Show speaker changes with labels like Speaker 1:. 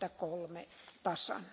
Speaker 1: kaksikymmentäkolme tasan.